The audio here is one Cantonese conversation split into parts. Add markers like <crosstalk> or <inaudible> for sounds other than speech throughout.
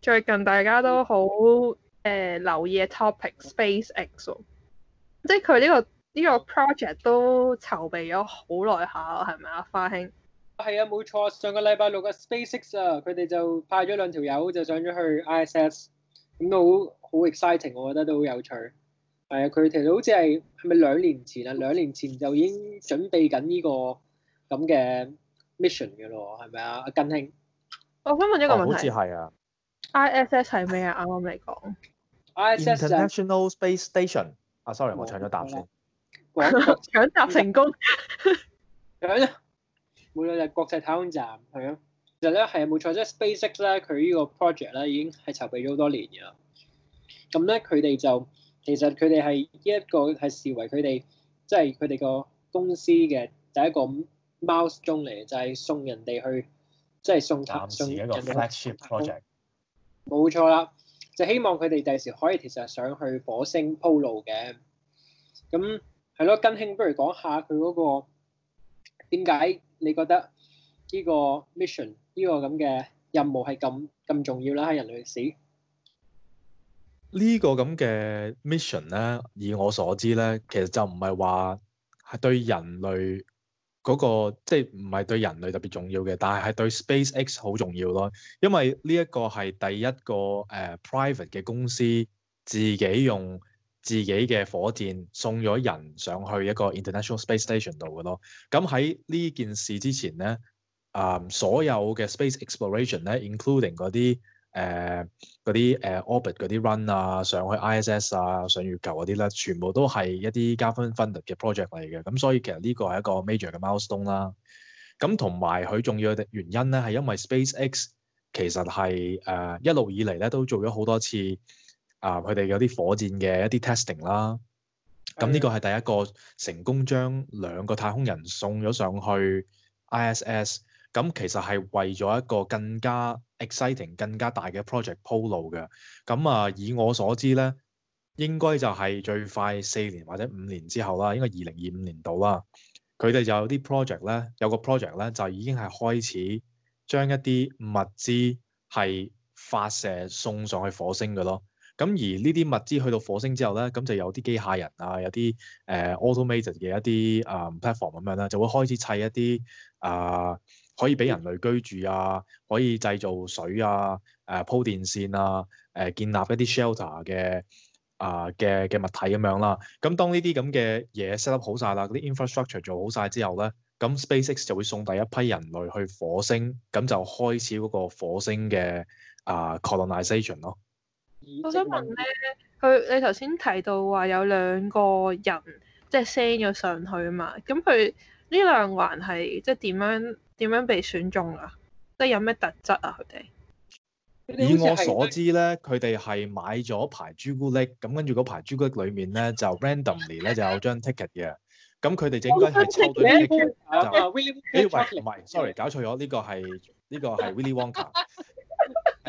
最近大家都好誒、呃、留意嘅 topic，SpaceX、哦、即係佢呢個呢、呢個 project 都籌備咗好耐下，係咪啊，花兄？係啊，冇錯，上個禮拜六嘅 SpaceX 啊，佢哋就派咗兩條友就上咗去 ISS，咁都好好 exciting，我覺得都好有趣。係啊，佢哋好似係係咪兩年前啊？嗯、兩年前就已經準備緊呢、呢個咁嘅 mission 嘅咯，係咪啊，阿根兄？我想問一個問題。好似係啊。ISS 係咩啊？啱啱嚟講 International Space Station。啊，sorry，我搶咗答先。搶答 <laughs> 成功。係 <laughs> 啊，冇錯，就國際太空站係啊。其實咧係啊冇錯，即係 SpaceX 咧，佢呢個 project 咧已經係籌備咗好多年嘅啦。咁咧佢哋就其實佢哋係呢一個係視為佢哋即係佢哋個公司嘅第一個 mouse 中嚟，就係、是、送人哋去即係、就是、送。暫時一個 flagship project。冇錯啦，就希望佢哋第時可以其實係上去火星鋪路嘅。咁係咯，根興不如講下佢嗰個，點解你覺得呢個 mission 呢個咁嘅任務係咁咁重要啦？喺人類史呢個咁嘅 mission 咧，以我所知咧，其實就唔係話係對人類。嗰、那個即係唔係對人類特別重要嘅，但係係對 SpaceX 好重要咯，因為呢一個係第一個誒、uh, private 嘅公司自己用自己嘅火箭送咗人上去一個 International Space Station 度嘅咯。咁喺呢件事之前咧，啊、um，所有嘅 space exploration 咧，including 嗰啲。誒嗰啲誒、呃呃、orbit 嗰啲 run 啊，上去 ISS 啊，上月球嗰啲咧，全部都係一啲 government funded 嘅 project 嚟嘅。咁所以其實呢個係一個 major 嘅 milestone 啦。咁同埋佢重要嘅原因咧，係因為 SpaceX 其實係誒、呃、一路以嚟咧都做咗好多次啊，佢、呃、哋有啲火箭嘅一啲 testing 啦。咁呢個係第一個成功將兩個太空人送咗上去 ISS。咁其實係為咗一個更加 exciting、更加大嘅 project 鋪路嘅。咁啊，以我所知咧，應該就係最快四年或者五年之後啦，應該二零二五年度啦。佢哋就有啲 project 咧，有個 project 咧，就已經係開始將一啲物資係發射送上去火星嘅咯。咁而呢啲物資去到火星之後咧，咁就有啲機械人啊，有啲誒、呃、automated 嘅一啲啊、呃、platform 咁樣啦，就會開始砌一啲啊、呃、可以俾人類居住啊，可以製造水啊，誒、呃、鋪電線啊，誒、呃、建立一啲 shelter 嘅啊嘅嘅物體咁樣啦。咁當呢啲咁嘅嘢 set up 好晒啦，嗰啲 infrastructure 做好晒之後咧，咁 SpaceX 就會送第一批人類去火星，咁就開始嗰個火星嘅啊、呃、colonization 咯。我想問咧，佢你頭先提到話有兩個人即係 send 咗上去嘛？咁佢呢兩個人係即係點樣點樣被選中啊？即係有咩特質啊？佢哋以我所知咧，佢哋係買咗排朱古力，咁跟住嗰排朱古力裡面咧就 randomly 咧就有張 ticket 嘅，咁佢哋應該係抽到呢張 ticket。唔係，sorry，搞錯咗，呢個係，呢個係 Willy Wonka。 <laughs> <laughs> <laughs>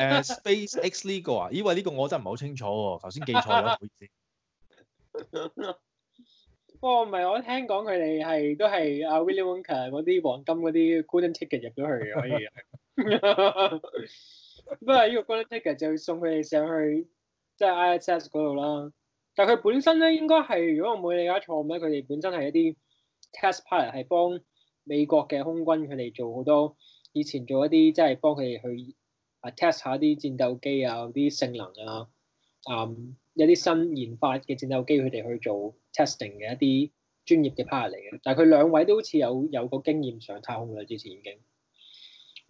誒、uh, SpaceX 呢、這個啊，因為呢個我真係唔係好清楚喎，頭先記錯咗，唔好意思。 <laughs> 哦、不過唔係，我聽講佢哋係都係阿 William Wonka 嗰啲黃金嗰啲 Golden Ticket 入咗去嘅可以。不過呢個 Golden Ticket 就送佢哋上去即係 ISS 嗰度啦。但係佢本身咧應該係，如果我冇理解錯咧，佢哋本身係一啲 test pilot 係幫美國嘅空軍佢哋做好多以前做一啲即係幫佢哋去。啊，test 下啲戰鬥機啊，啲性能啊，嗯，一啲新研發嘅戰鬥機佢哋去做 testing 嘅一啲專業嘅 part 嚟嘅。但係佢兩位都好似有有個經驗上太空啦，之前已經。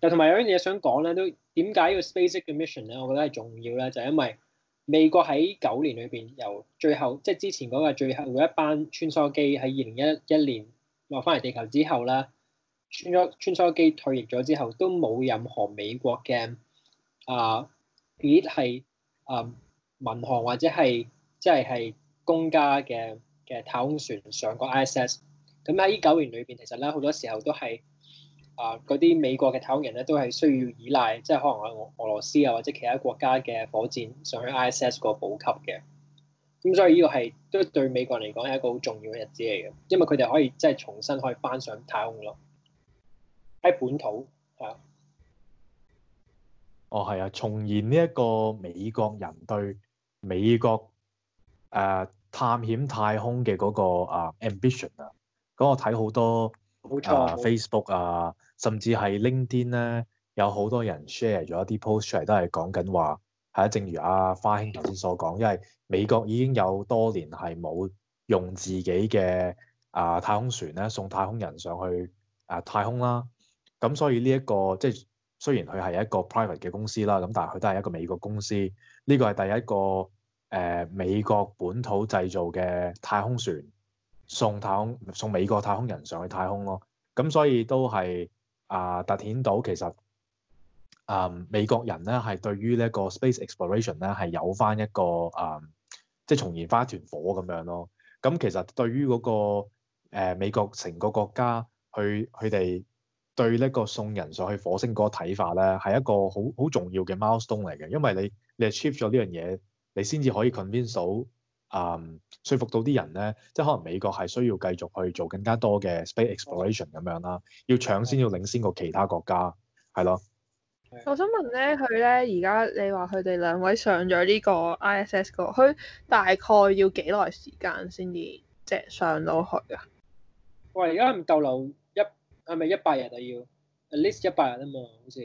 又同埋有樣嘢想講咧，都點解個 space 嘅 mission 咧？我覺得係重要咧，就係因為美國喺九年裏邊由最後即係、就是、之前嗰個最後一班穿梭機喺二零一一年落翻嚟地球之後咧，穿梭穿梭機退役咗之後都冇任何美國嘅。啊，佢係啊民航或者係即係係公家嘅嘅太空船上個 ISS，咁喺呢九年裏邊，其實咧好多時候都係啊嗰啲美國嘅太空人咧都係需要依賴，即係可能俄俄羅斯啊或者其他國家嘅火箭上去 ISS 個補給嘅。咁所以呢個係都對美國人嚟講係一個好重要嘅日子嚟嘅，因為佢哋可以即係重新可以翻上太空咯。喺本土啊。哦，係啊，重現呢一個美國人對美國誒、呃、探險太空嘅嗰、那個啊 ambition 啊，咁我睇好多，冇錯、呃、Facebook 啊，甚至係 LinkedIn 咧，有好多人 share 咗一啲 post 出嚟，都係講緊話，係啊，正如阿、啊、花兄頭先所講，因為美國已經有多年係冇用自己嘅啊太空船咧送太空人上去啊太空啦，咁所以呢、這、一個即係。就是雖然佢係一個 private 嘅公司啦，咁但係佢都係一個美國公司，呢個係第一個誒、呃、美國本土製造嘅太空船，送太空送美國太空人上去太空咯，咁所以都係啊、呃、突顯到其實啊、呃、美國人咧係對於呢一個 space exploration 咧係有翻一個啊、呃、即係重燃花團火咁樣咯，咁其實對於嗰、那個、呃、美國成個國家去佢哋。對呢個送人上去火星嗰個睇法咧，係一個好好重要嘅 milestone 嚟嘅，因為你你 achieve 咗呢樣嘢，你先至可以 convince 到啊、嗯，說服到啲人咧，即係可能美國係需要繼續去做更加多嘅 space exploration 咁樣啦，要搶先要領先過其他國家，係咯。我想問咧，佢咧而家你話佢哋兩位上咗呢個 ISS 嗰，佢大概要幾耐時間先至即係上到去啊？喂，而家唔夠腦。係咪一百日啊？係係要 at least 一百日啊嘛，好似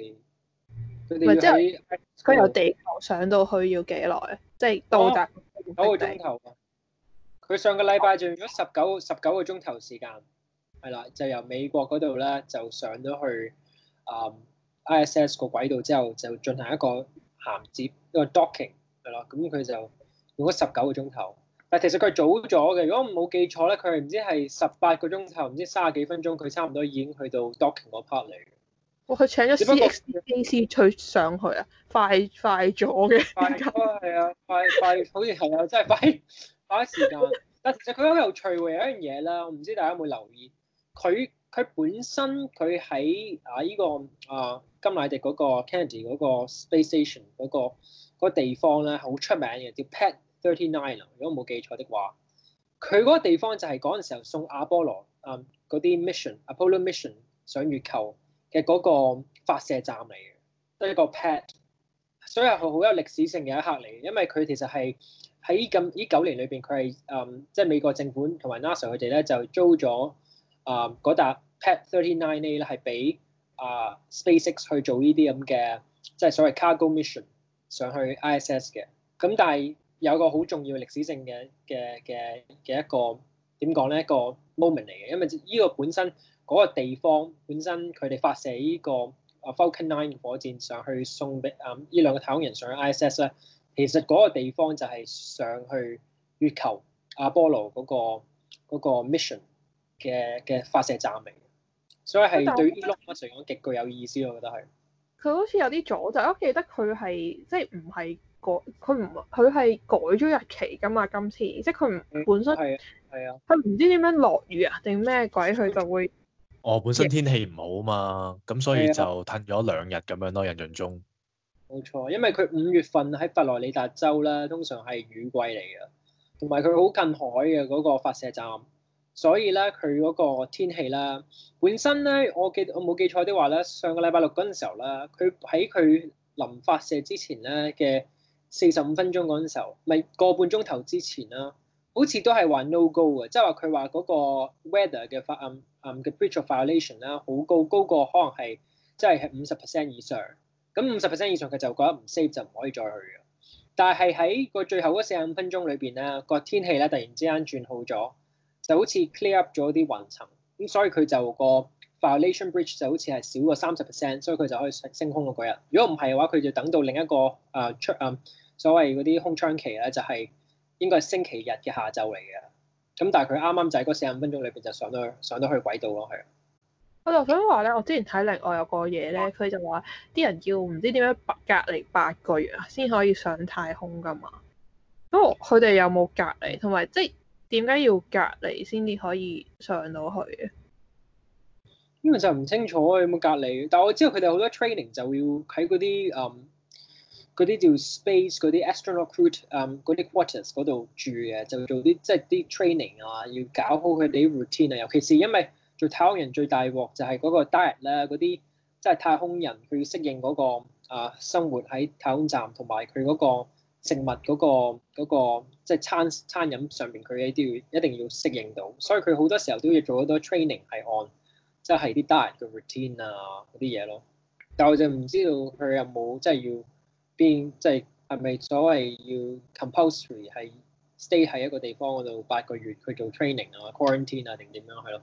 佢哋即係佢由地球上到去要幾耐？即係到達九、啊、個鐘頭，佢上個禮拜就用咗十九十九個鐘頭時，時間，係啦，就由美國嗰度咧就上咗去啊、um, ISS 個軌道之後，就進行一個銜接一個 docking 係咯，咁佢就用咗十九個鐘頭。但其實佢早咗嘅，如果我冇記錯咧，佢唔知係十八個鐘頭，唔知卅幾分鐘，佢差唔多已經去到 Docking 嗰 part 嚟嘅。哇、哦！佢請咗 COS 飛師吹上去啊，快是快咗嘅。快，啊，係啊，快快，好似朋啊，真係快快時間。但其實佢好有趣嘅一樣嘢啦，我唔知大家有冇留意，佢佢本身佢喺、這個、啊呢個啊金乃迪嗰個 Kennedy 嗰個 Space Station 嗰、那個那個地方咧，好出名嘅叫 Pet。Thirty nine 啊，39, 如果冇記錯的話，佢嗰個地方就係嗰陣時候送阿波羅啊嗰、um, 啲 mission，Apollo mission 上月球嘅嗰個發射站嚟嘅，一、就是、個 pad，所以係好有歷史性嘅一刻嚟。因為佢其實係喺咁呢九年裏邊，佢係嗯即係美國政府同埋 NASA 佢哋咧就租咗啊嗰笪 Pad Thirty Nine A 咧係俾啊 SpaceX 去做呢啲咁嘅即係所謂 cargo mission 上去 ISS 嘅，咁但係。有個好重要嘅歷史性嘅嘅嘅嘅一個點講咧一個 moment 嚟嘅。因為呢個本身嗰個地方本身佢哋發射呢個啊 Falcon Nine 火箭上去送俾啊呢兩個太空人上 ISS IS 咧，其實嗰個地方就係上去月球阿波羅嗰個嗰個 mission 嘅嘅發射站嚟，所以係對於 Elon 嚟講極具有意思是我覺得係。佢好似有啲阻滯，我記得佢係即係唔係。就是佢唔佢係改咗日期㗎嘛？今次即係佢唔本身，係、嗯、啊，係啊，佢唔知點樣落雨啊定咩鬼佢就會。哦，本身天氣唔好嘛，咁、啊、所以就褪咗兩日咁樣咯。印象中冇錯，因為佢五月份喺佛羅里達州啦，通常係雨季嚟嘅，同埋佢好近海嘅嗰個發射站，所以咧佢嗰個天氣咧本身咧，我記我冇記錯的話咧，上個禮拜六嗰陣時候咧，佢喺佢臨發射之前咧嘅。四十五分鐘嗰陣時候，咪個半鐘頭之前啦，好似都係話 no go 啊，即係話佢話嗰個 weather 嘅發暗、um, 暗嘅 bridge of violation 啦，好高高過可能係即係係五十 percent 以上，咁五十 percent 以上佢就覺得唔 safe 就唔可以再去嘅。但係喺個最後嗰四十五分鐘裏邊咧，個天氣咧突然之間轉好咗，就好似 clear up 咗啲雲層，咁所以佢就個，Balloon Bridge 就好似係少過三十 percent，所以佢就可以升升空嗰日。如果唔係嘅話，佢就等到另一個誒、啊、出誒、啊、所謂嗰啲空窗期咧，就係、是、應該係星期日嘅下晝嚟嘅。咁但係佢啱啱就喺嗰四十五分鐘裏邊就上到去上到去軌道咯，係。我就想話咧，我之前睇另外有個嘢咧，佢就話啲人要唔知點樣隔離八個月先可以上太空㗎嘛。不過咁佢哋有冇隔離？同埋即係點解要隔離先至可以上到去？因為就唔清楚有冇隔離，但係我知道佢哋好多 training 就要喺嗰啲誒嗰啲叫 space 嗰啲 astronaut crew 誒、嗯、嗰啲 quarters 嗰度住嘅，就要做啲即係啲、就是、training 啊，要搞好佢哋 routine 啊。尤其是因為做太空人最大鑊就係嗰個 diet 啦，嗰啲即係太空人佢要適應嗰個啊生活喺太空站同埋佢嗰個食物嗰、嗰個即係、嗰個、餐餐飲上面佢係都要一定要適應到，所以佢好多時候都要做好多 training 係 o 即係啲 diet 嘅 routine 啊，嗰啲嘢咯。但我就唔知道佢有冇即係要變，即係係咪所謂要 compulsory 係 stay 喺一個地方嗰度八個月去做 training 啊、quarantine 啊定點樣係咯。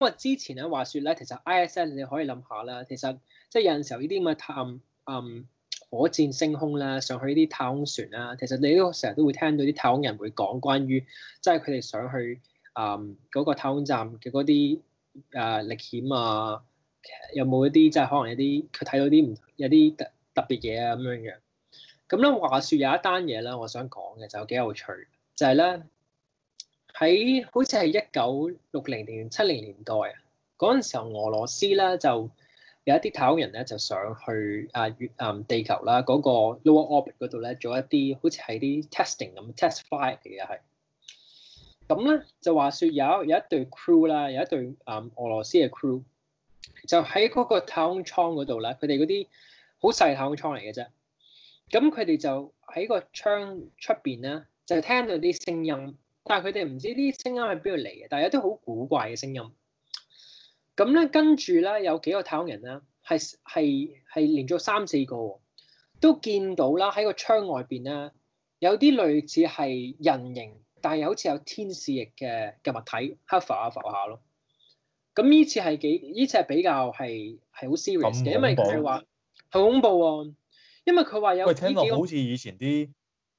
因為之前咧話說咧，其實 ISS 你可以諗下啦，其實即係有陣時候呢啲咁嘅探，嗯，火箭升空啦、啊，上去呢啲太空船啦、啊，其實你都成日都會聽到啲太空人會講關於即係佢哋想去啊嗰、嗯那個太空站嘅嗰啲。誒歷、啊、險啊，有冇一啲即係可能一啲佢睇到啲唔同啲特特別嘢啊咁樣樣。咁咧話說有一單嘢咧，我想講嘅就幾有趣，就係咧喺好似係一九六零年七零年代啊，嗰、那、陣、個、時候俄羅斯咧就有一啲太空人咧就想去啊月啊地球啦嗰、那個 lower orbit or 嗰度咧做一啲好似係啲 testing 咁、嗯、test flight 嘅嘢係。咁咧就話說有一 crew，有一隊 crew 啦，有一隊誒俄羅斯嘅 crew，就喺嗰個太空艙嗰度啦。佢哋嗰啲好細太空艙嚟嘅啫。咁佢哋就喺個窗出邊咧，就聽到啲聲音，但係佢哋唔知啲聲音喺邊度嚟嘅。但係有啲好古怪嘅聲音。咁咧跟住咧有幾個太空人咧，係係係連續三四個都見到啦喺個窗外邊咧，有啲類似係人形。但係好似有天使翼嘅嘅物體，hover 下浮下咯，咁呢次係幾呢次係比較係係好 serious 嘅，因為佢話好恐怖喎，因為佢話有喂聽落好似以前啲，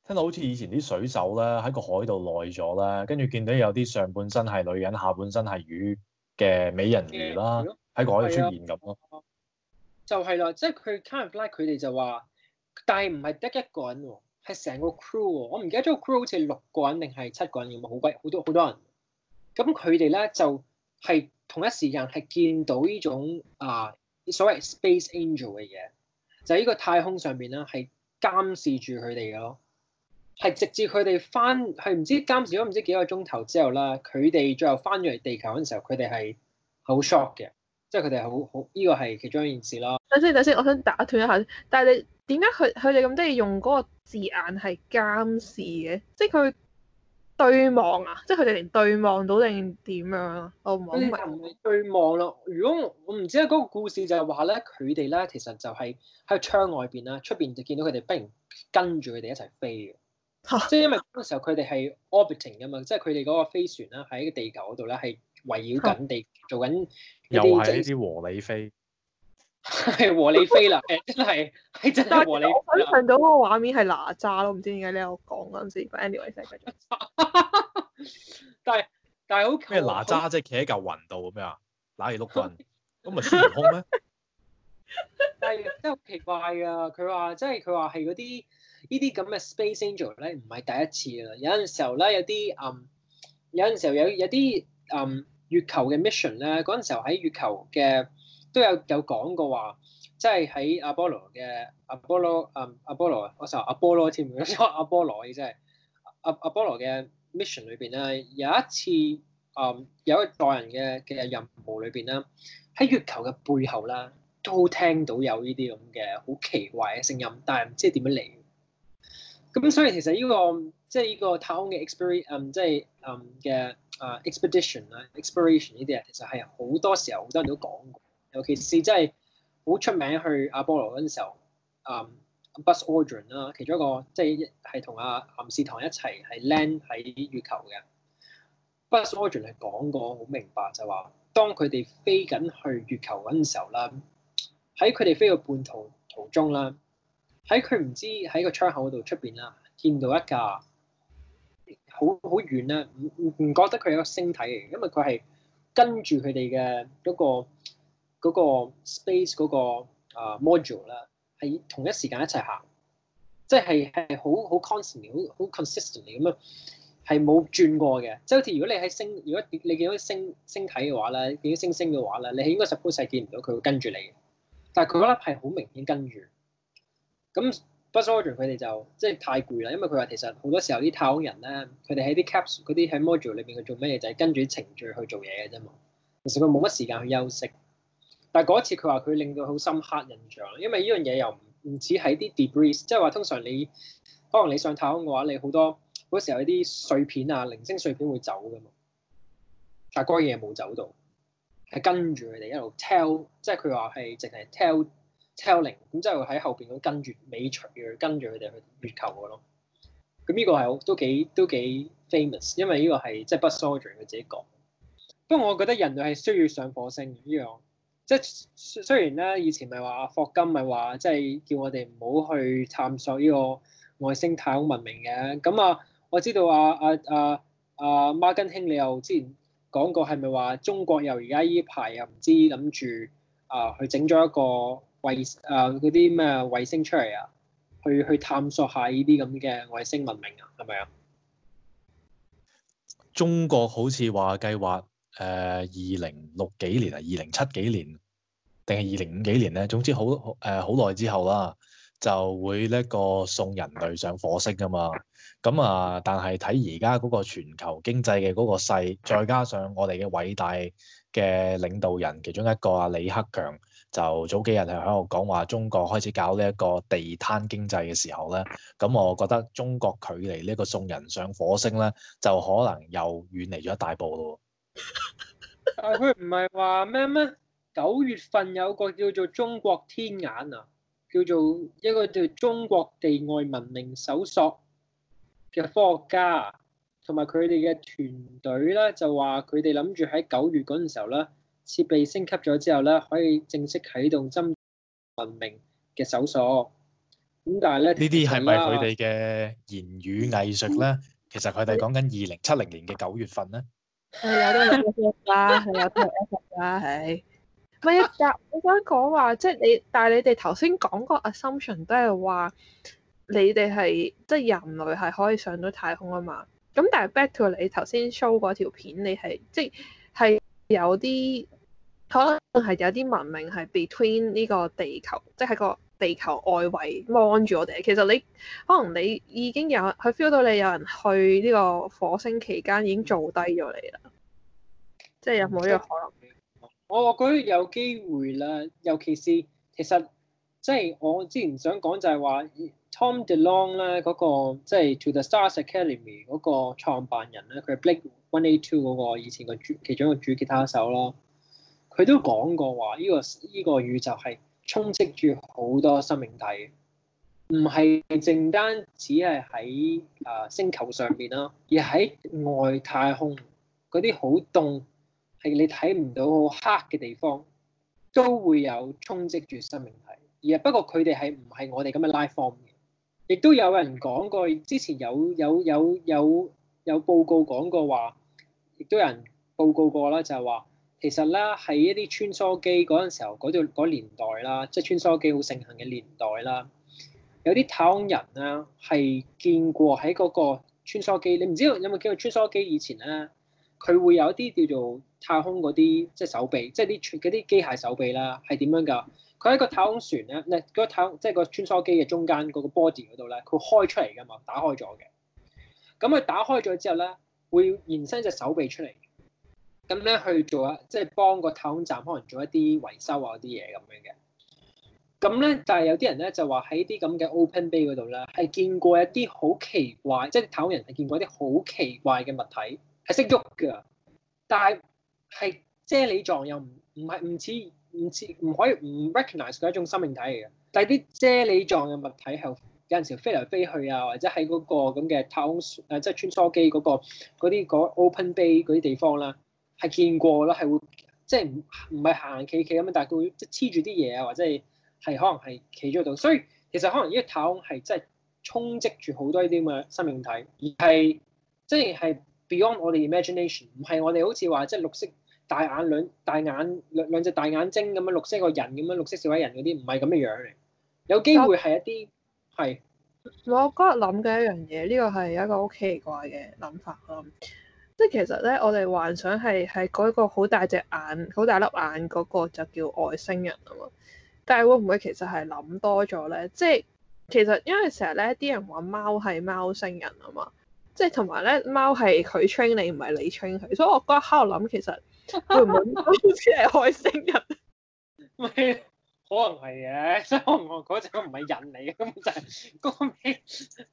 聽落好似以前啲水手咧喺個海度耐咗咧，跟住見到有啲上半身係女人、下半身係魚嘅美人魚啦，喺個海度出現咁咯。的，就係、係、啦，即係佢 kind of like 佢哋就話，但係唔係得一個人係成個 crew 喎，我唔記得咗個 crew 好似六個人定係七個人咁好鬼好多好多人。咁佢哋咧就係同一時間係見到呢種啊所謂 space angel 嘅嘢，就喺呢個太空上邊啦，係監視住佢哋嘅咯。係直至佢哋翻係唔知監視咗唔知幾個鐘頭之後啦，佢哋最後翻咗嚟地球嗰陣時候，佢哋係好 shock 嘅，即係佢哋係好好呢個係其中一件事啦。等先，等先，我想打斷一下。但係你點解佢佢哋咁中意用嗰個字眼係監視嘅？即係佢對望啊！即係佢哋連對望到定點樣啊？我唔好明。唔係對望咯。如果我唔知咧，嗰個故事就係話咧，佢哋咧其實就係喺個窗外邊啦，出邊就見到佢哋不停跟住佢哋一齊飛嘅。即係哈因為嗰個時候佢哋係 orbiting 㗎嘛，即係佢哋嗰個飛船咧喺個地球嗰度咧係圍繞緊地哈做緊。又係呢啲和你飛。係和你飛啦，誒真係，係真係和你飛啦。我睇到嗰個畫面係哪吒咯，唔知點解你又講啊，唔，Anyway，繼續。但係但係好奇咩哪吒即係企喺嚿雲度咁啊？嗱係碌棍，咁咪孫悟空咩？但係真係好奇怪啊！佢話即係佢話係嗰啲呢啲咁嘅 space angel 咧，唔係第一次啦。有陣時候咧有啲嗯，有陣時候有有啲嗯月球嘅 mission 咧，嗰陣時候喺月球嘅。都有有講過話，即係喺阿波羅嘅阿波羅啊阿波羅啊，我就阿波羅添、啊，阿波羅即阿波羅嘅 mission 裏邊咧，有一次啊、嗯、有一代人嘅嘅任務裏邊咧，喺月球嘅背後啦，都聽到有呢啲咁嘅好奇怪嘅聲音，但係唔知係點樣嚟。咁所以其實呢、呢個即係呢個太空嘅 experience，即係嘅 expedition 啦 exploration 呢啲啊，其實係好多時候好多人都講過。尤其是即係好出名去阿波羅嗰陣時候，嗯、um, Buzz Aldrin 啦，其中一個即係係同阿岩士唐一齊係 land 喺月球嘅。Buzz Aldrin 係講過好明白就，就話當佢哋飛緊去月球嗰陣時候啦，喺佢哋飛個半途途中啦，喺佢唔知喺個窗口度出邊啦，面見到一架好好遠咧，唔唔唔覺得佢係一個星體嚟，因為佢係跟住佢哋嘅嗰個。嗰個 space 嗰個啊 module 啦，係同一時間一齊行，即係係好好 constant，好好 consistent 咁樣，係冇轉過嘅。即係好似如果你喺星，如果你你見到，到星星體嘅話咧，見到星星嘅話咧，你應該 suppose 係見唔到佢會跟住你，但係佢嗰粒係好明顯跟住。咁 Buzz Aldrin 佢哋就即係太攰啦，因為佢話其實好多時候啲太空人咧，佢哋喺啲 caps 嗰啲喺 module 裏邊去做咩嘢就係、是、跟住程序去做嘢嘅啫嘛，其實佢冇乜時間去休息。但係嗰一次佢話佢令到好深刻印象，因為呢樣嘢又唔唔止係啲 debris，即係話通常你可能你上太空嘅話，你多好多嗰時候啲碎片啊、零星碎片會走噶嘛，但係嗰個嘢冇走到，係跟住佢哋一路 tell，即係佢話係淨係 tell telling，咁之後喺後邊咁跟住尾隨跟住佢哋去月球嘅咯。咁呢個係都幾都幾 famous，因為呢個係即係 Buzz Aldrin 佢自己講。不過我覺得人類係需要上火星呢樣。即係雖然咧，以前咪話霍金咪話，即係叫我哋唔好去探索呢個外星太空文明嘅。咁啊，我知道啊啊啊啊，馬根兄，你又之前講過係咪話中國又而家依排又唔知諗住啊去整咗一個衛啊嗰啲咩衛星出嚟啊，去去探索下呢啲咁嘅外星文明啊，係咪啊？中國好似話計劃。誒，二零六幾年啊，二零七幾年定係二零五幾年咧？總之好誒，好、呃、耐之後啦，就會呢個送人類上火星㗎嘛。咁、嗯、啊，但係睇而家嗰個全球經濟嘅嗰個勢，再加上我哋嘅偉大嘅領導人，其中一個阿李克強就早幾日係喺度講話，中國開始搞呢一個地攤經濟嘅時候咧，咁我覺得中國距離呢個送人上火星咧，就可能又遠離咗一大步咯。 <laughs> 但佢唔係話咩咩？九月份有個叫做中國天眼啊，叫做一個叫中國地外文明搜索嘅科學家同埋佢哋嘅團隊咧，就話佢哋諗住喺九月嗰陣時候咧，設備升級咗之後咧，可以正式啟動針文明嘅搜索。咁但係咧，呢啲係咪佢哋嘅言語藝術咧？ <laughs> 其實佢哋講緊二零七零年嘅九月份咧。係有得入一集啦，係有得入一集啦，係。唔係啊，啊啊但我想講話，即係你，但係你哋頭先講個 assumption 都係話，你哋係即係人類係可以上到太空啊嘛。咁但係 back to 你頭先 show 嗰條片，你係即係係有啲可能係有啲文明係 between 呢個地球，即係個。地球外圍望住我哋，其實你可能你已經有佢 feel 到你有人去呢個火星期間已經做低咗你啦，mm hmm。即係有冇呢個可能？我覺得有機會啦，尤其是其實即係、就是、我之前想講就係話 Tom DeLong 咧嗰、那個即係、就是、To The Stars Academy 嗰個創辦人咧，佢 Blink 182嗰個以前個主其中一個主吉他手咯，佢都講過話呢、這個呢、這個宇宙係，充斥住好多生命體，唔係淨單只係喺啊星球上邊啦，而喺外太空嗰啲好凍，係你睇唔到好黑嘅地方，都會有充斥住生命體。而不過佢哋係唔係我哋咁嘅 life form 嘅？亦都有人講過，之前有有有有有報告講過話，亦都有人報告過啦，就係話。其實咧，喺一啲穿梭機嗰陣時候，嗰度嗰年代啦，即係穿梭機好盛行嘅年代啦，有啲太空人啊，係見過喺嗰個穿梭機。你唔知道有冇見過穿梭機以前咧，佢會有一啲叫做太空嗰啲即係手臂，即係啲啲機械手臂啦，係點樣㗎？佢喺個太空船咧，嗱嗰個太空即係個穿梭機嘅中間嗰個 body 嗰度咧，佢開出嚟㗎嘛，打開咗嘅。咁佢打開咗之後咧，會延伸隻手臂出嚟。咁咧去做啊，即係幫個太空站可能做一啲維修啊啲嘢咁樣嘅。咁咧，但係有啲人咧就話喺啲咁嘅 open bay 嗰度咧，係見過一啲好奇怪，即係太空人係見過一啲好奇怪嘅物體係識喐㗎，但係係啫喱狀又唔唔係唔似唔似唔可以唔 recognize 嘅一種生命體嚟嘅。但係啲啫喱狀嘅物體係有陣時飛嚟飛去啊，或者喺嗰個咁嘅太空誒即係穿梭機嗰個嗰啲嗰 open bay 嗰啲地方啦。係見過咯，係會即係唔唔係行行企企咁樣，但係佢會即黐住啲嘢啊，或者係係可能係企咗喺度。所以其實可能呢啲塔係真係充斥住好多呢啲咁嘅生命體，而係即係係 beyond 我哋 imagination，唔係我哋好似話即係綠色大眼兩大眼兩兩隻大眼睛咁樣綠色個人咁樣綠色小矮人嗰啲，唔係咁嘅樣嚟。有機會係一啲係。有是我覺得諗嘅一樣嘢，呢、這個係一個好奇怪嘅諗法咯。即係其實咧，我哋幻想係係嗰個好大隻眼、好大粒眼嗰個就叫外星人啊嘛。但係會唔會其實係諗多咗咧？即係其實因為成日咧啲人話貓係貓星人啊嘛。即係同埋咧，貓係佢 train 你，唔係你 train 佢，所以我覺得喺度諗其實會唔會好似係外星人？唔係 <laughs> <laughs> 可能係嘅，即係我嗰陣都唔係人嚟，嘅、就係嗰個。咁就係嗰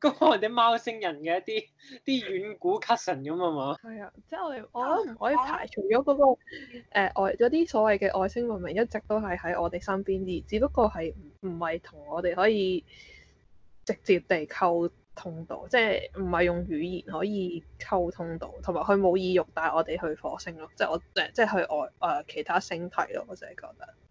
個嗰個或者貓星人嘅一啲啲遠古 cousin 咁啊嘛。係啊，即係我哋我都唔可以排除咗嗰、嗰個外嗰啲所謂嘅外星文明一直都係喺我哋身邊，而只不過係唔係同我哋可以直接地溝通到，即係唔係用語言可以溝通到，同埋佢冇意欲帶我哋去火星咯，即係我即係去外誒、呃、其他星體咯，我就係覺得。